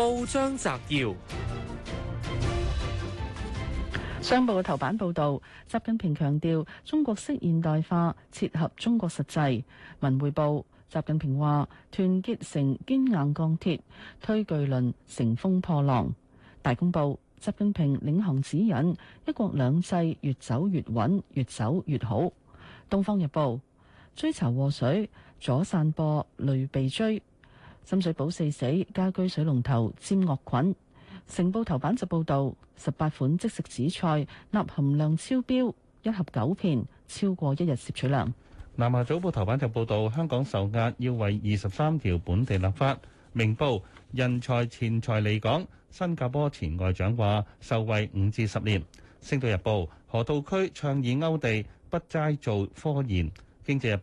報章摘要：商報嘅頭版報道，習近平強調中國式現代化切合中國實際。文匯報：習近平話團結成堅硬鋼鐵，推巨輪乘風破浪。大公報：習近平領航指引一國兩制越走越穩，越走越好。東方日報：追查禍水，左散播，雷被追。深水埗四死，家居水龍頭沾惡菌。《成報》頭版就報導，十八款即食紫菜鈉含量超標，一盒九片，超過一日攝取量。《南華早報》頭版就報導，香港受壓要為二十三條本地立法。《明報》人才錢財離港，新加坡前外長話受惠五至十年。《星島日報》河套區倡議勾地不齋做科研。《經濟日報》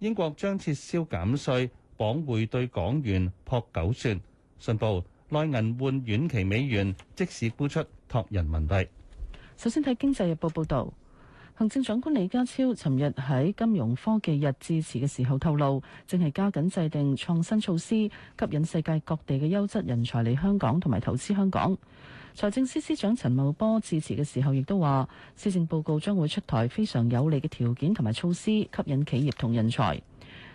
英國將撤銷減稅。港匯對港元扑九算，信報內銀換遠期美元，即時沽出托人民幣。首先睇經濟日報報道，行政長官李家超尋日喺金融科技日致辭嘅時候透露，正係加緊制定創新措施，吸引世界各地嘅優質人才嚟香港同埋投資香港。財政司司長陳茂波致辭嘅時候亦都話施政報告將會出台非常有利嘅條件同埋措施，吸引企業同人才。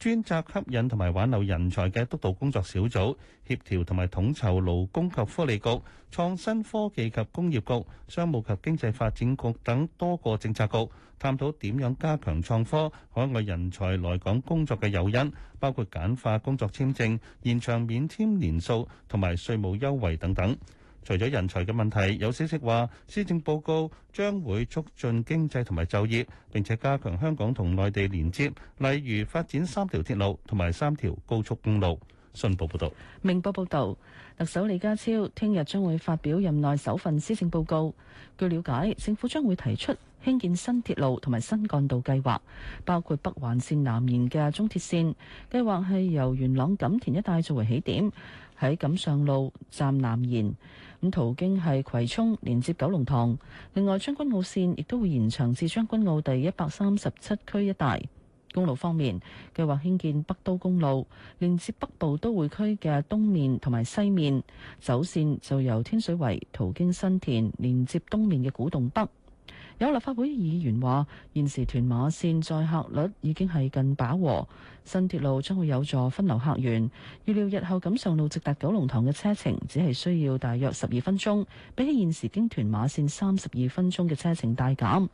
專責吸引同埋挽留人才嘅督導工作小組，協調同埋統籌勞工及福利局、創新科技及工業局、商務及經濟發展局等多個政策局，探討點樣加強創科海外人才來港工作嘅誘因，包括簡化工作簽證、延長免簽年數同埋稅務優惠等等。除咗人才嘅問題，有消息話施政報告將會促進經濟同埋就業，並且加強香港同內地連接。例如發展三條鐵路同埋三條高速公路。信報報導，明報報導，特首李家超聽日將會發表任內首份施政報告。據瞭解，政府將會提出興建新鐵路同埋新幹道計劃，包括北環線南延嘅中鐵線，計劃係由元朗錦田一帶作為起點。喺錦上路站南延，途經係葵涌，連接九龍塘。另外將軍澳線亦都會延長至將軍澳第一百三十七區一帶。公路方面，計劃興建北都公路，連接北部都會區嘅東面同埋西面。走線就由天水圍途經新田，連接東面嘅古洞北。有立法會議員話：現時屯馬線載客率已經係近飽和，新鐵路將會有助分流客源。預料日後錦上路直達九龍塘嘅車程只係需要大約十二分鐘，比起現時經屯馬線三十二分鐘嘅車程大減。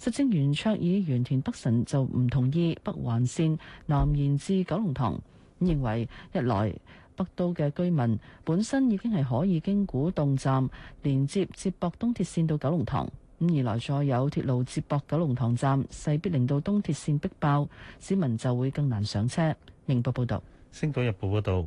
實政圓桌議員田北辰就唔同意北環線南延至九龍塘，認為一來北都嘅居民本身已經係可以經古洞站連接接駁東鐵線到九龍塘，五而來，再有鐵路接駁九龍塘站，勢必令到東鐵線逼爆，市民就會更難上車。明報報導，《星島日報》報道，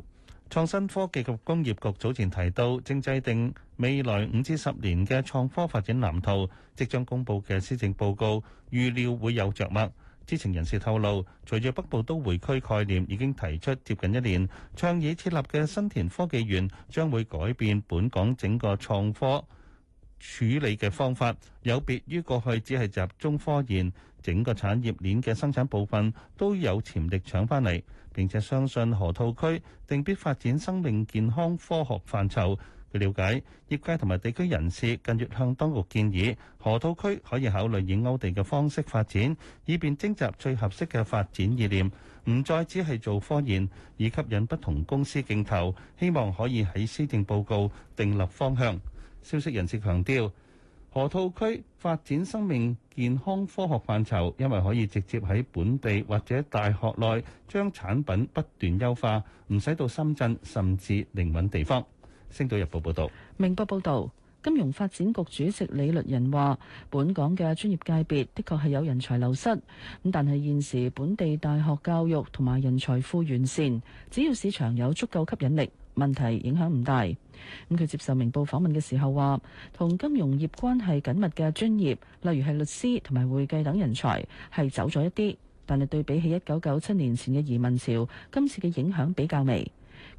創新科技及工業局早前提到，正制定未來五至十年嘅創科發展藍圖，即將公佈嘅施政報告，預料會有着墨。知情人士透露，隨住北部都會區概念已經提出接近一年，倡議設立嘅新田科技園將會改變本港整個創科。處理嘅方法有別於過去只係集中科研，整個產業鏈嘅生產部分都有潛力搶翻嚟，並且相信河套區定必發展生命健康科學範疇。據了解，業界同埋地區人士近月向當局建議，河套區可以考慮以勾地嘅方式發展，以便徵集最合適嘅發展意念，唔再只係做科研，以吸引不同公司競投，希望可以喺施政報告定立方向。消息人士強調，河套區發展生命健康科學範疇，因為可以直接喺本地或者大學內將產品不斷優化，唔使到深圳，甚至另揾地方。星島日報報道。明報報道，金融發展局主席李律仁話，本港嘅專業界別的確係有人才流失，咁但係現時本地大學教育同埋人才庫完善，只要市場有足夠吸引力。問題影響唔大。咁佢接受明報訪問嘅時候話，同金融業關係緊密嘅專業，例如係律師同埋會計等人才係走咗一啲，但係對比起一九九七年前嘅移民潮，今次嘅影響比較微。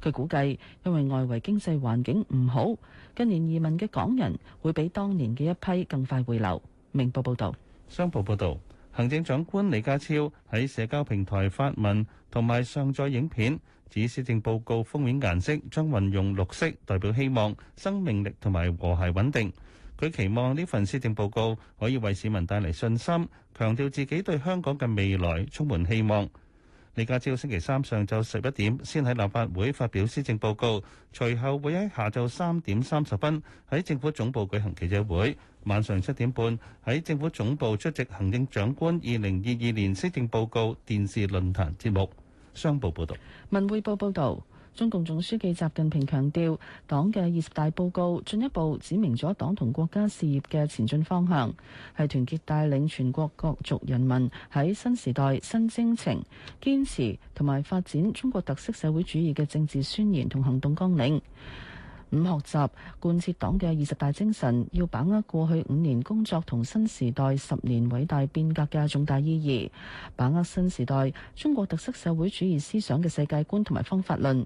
佢估計，因為外圍經濟環境唔好，近年移民嘅港人會比當年嘅一批更快回流。明報報道，商報報道。行政長官李家超喺社交平台發文同埋上載影片，指施政報告封面顏色將運用綠色，代表希望、生命力同埋和諧穩定。佢期望呢份施政報告可以為市民帶嚟信心，強調自己對香港嘅未來充滿希望。李家超星期三上晝十一點先喺立法會發表施政報告，隨後會喺下晝三點三十分喺政府總部舉行記者會，晚上七點半喺政府總部出席行政長官二零二二年施政報告電視論壇節目。商報報道，文匯報報道。中共總書記習近平強調，黨嘅二十大報告進一步指明咗黨同國家事業嘅前進方向，係團結帶領全國各族人民喺新時代新征程堅持同埋發展中國特色社會主義嘅政治宣言同行動綱領。五學習貫徹黨嘅二十大精神，要把握過去五年工作同新時代十年偉大變革嘅重大意義，把握新時代中國特色社會主義思想嘅世界觀同埋方法論，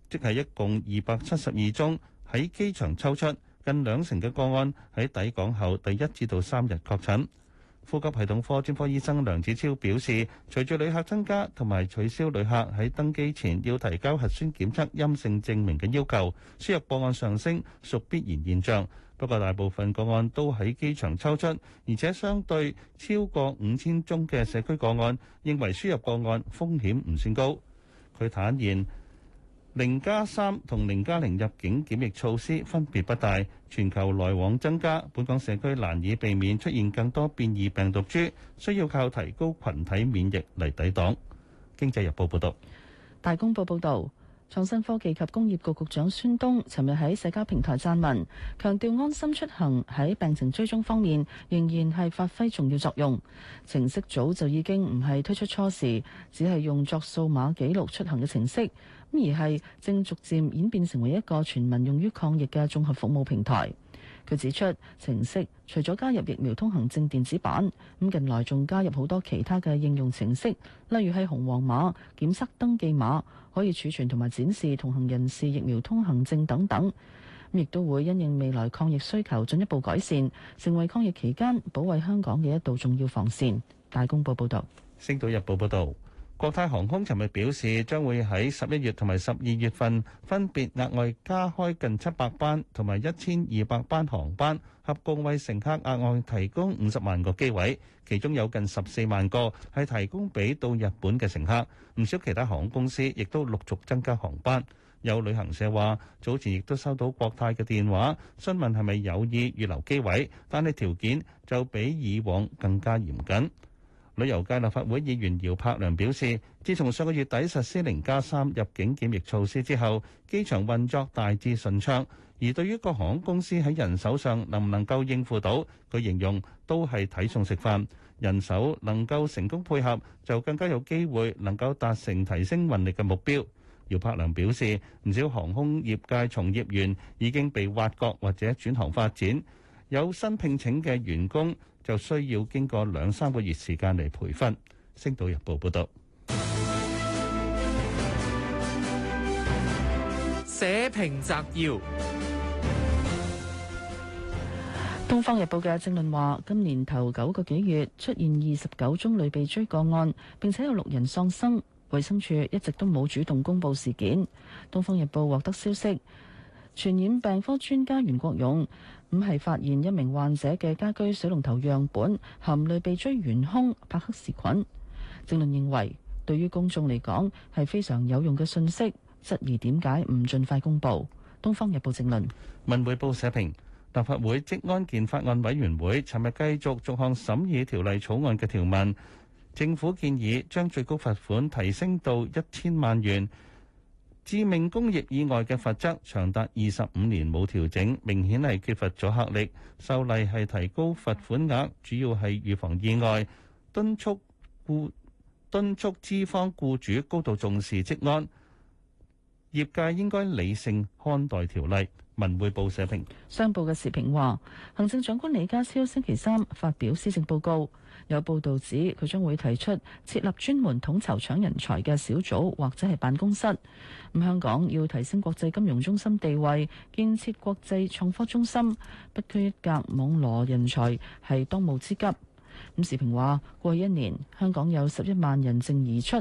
即係一共二百七十二宗喺機場抽出，近兩成嘅個案喺抵港後第一至到三日確診。呼吸系統科專科醫生梁子超表示，隨住旅客增加同埋取消旅客喺登機前要提交核酸檢測陰性證明嘅要求，輸入個案上升屬必然現象。不過大部分個案都喺機場抽出，而且相對超過五千宗嘅社區個案，認為輸入個案風險唔算高。佢坦言。零加三同零加零入境檢疫措施分別不大，全球來往增加，本港社區難以避免出現更多變異病毒株，需要靠提高群體免疫嚟抵擋。經濟日報報道，大公報報道。創新科技及工業局局長孫東尋日喺社交平台撰文，強調安心出行喺病情追蹤方面仍然係發揮重要作用。程式早就已經唔係推出初時，只係用作數碼記錄出行嘅程式，而係正逐漸演變成為一個全民用於抗疫嘅綜合服務平台。佢指出，程式除咗加入疫苗通行證電子版，咁近來仲加入好多其他嘅應用程式，例如係紅黃碼、檢測登記碼，可以儲存同埋展示同行人士疫苗通行證等等，亦都會因應未來抗疫需求進一步改善，成為抗疫期間保衛香港嘅一道重要防線。大公報報道，星島日報報道。國泰航空尋日表示，將會喺十一月同埋十二月份分，分別額外加開近七百班同埋一千二百班航班，合共為乘客額外提供五十萬個機位，其中有近十四萬個係提供俾到日本嘅乘客。唔少其他航空公司亦都陸續增加航班。有旅行社話，早前亦都收到國泰嘅電話，詢問係咪有意預留機位，但係條件就比以往更加嚴謹。旅遊界立法會議員姚柏良表示，自從上個月底實施零加三入境檢疫措施之後，機場運作大致順暢。而對於各航空公司喺人手上能唔能夠應付到，佢形容都係睇餸食飯。人手能夠成功配合，就更加有機會能夠達成提升運力嘅目標。姚柏良表示，唔少航空業界從業員已經被挖角或者轉行發展，有新聘請嘅員工，就需要經過兩三個月時間嚟培訓。星島日報報導。社評摘要。《東方日報》嘅正論話：今年頭九個幾月出現二十九宗類鼻疽個案，並且有六人喪生。衞生署一直都冇主動公布事件。《東方日報》獲得消息，傳染病科專家袁國勇。五係發現一名患者嘅家居水龍頭樣本含類鼻疽源兇伯克氏菌。正論認為對於公眾嚟講係非常有用嘅信息，質疑點解唔盡快公布。《東方日報》正論。文匯報社評：立法會職安健法案委員會尋日繼續逐項審議條例草案嘅條文，政府建議將最高罰款提升到一千萬元。致命工業意外嘅罰則長達二十五年冇調整，明顯係缺乏咗壓力。修例係提高罰款額，主要係預防意外，敦促雇敦促資方、雇主高度重視職安。業界應該理性看待條例。文匯報社評，商報嘅時評話，行政長官李家超星期三發表施政報告，有報道指佢將會提出設立專門統籌搶人才嘅小組或者係辦公室。咁香港要提升國際金融中心地位，建設國際創科中心，不拘一格網羅人才係當務之急。咁時評話，過去一年香港有十一萬人淨移出，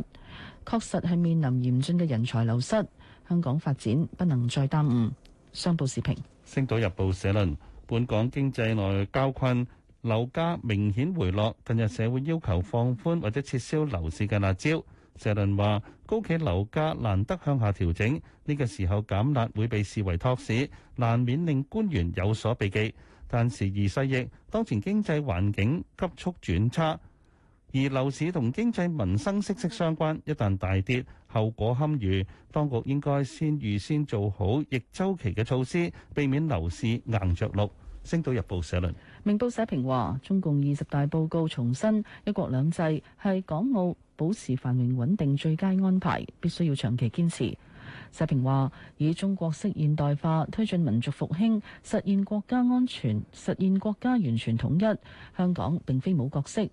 確實係面臨嚴峻嘅人才流失，香港發展不能再耽誤。商報視頻，《星島日報》社論：本港經濟內交困，樓價明顯回落。近日社會要求放寬或者撤銷樓市嘅辣椒，社論話高企樓價難得向下調整，呢個時候減辣會被視為托市，難免令官員有所避忌。但時移世易，當前經濟環境急速轉差。而樓市同經濟民生息息相關，一旦大跌，後果堪虞。當局應該先預先做好逆周期嘅措施，避免樓市硬着陸。星島日報社論，明報社評話：中共二十大報告重申一國兩制係港澳保持繁榮穩定最佳安排，必須要長期堅持。社評話：以中國式現代化推進民族復興，實現國家安全，實現國家完全統一，香港並非冇角色。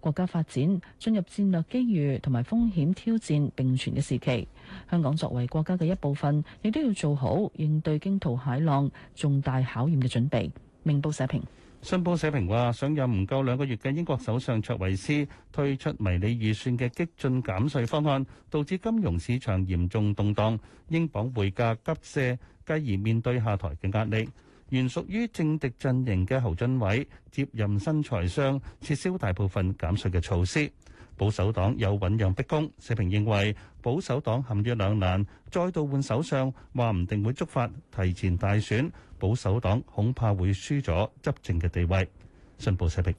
國家發展進入戰略機遇同埋風險挑戰並存嘅時期，香港作為國家嘅一部分，亦都要做好應對驚濤駭浪重大考驗嘅準備。明報社評。信報社評話：上任唔夠兩個月嘅英國首相卓維斯推出迷你預算嘅激進減稅方案，導致金融市場嚴重動盪，英鎊匯價急瀉，繼而面對下台嘅壓力。原屬於政敵陣營嘅侯俊偉接任新財相，撤銷大部分減稅嘅措施。保守黨有醞釀逼宮，社評認為保守黨陷於兩難，再度換首相，話唔定會觸發提前大選，保守黨恐怕會輸咗執政嘅地位。信報社評。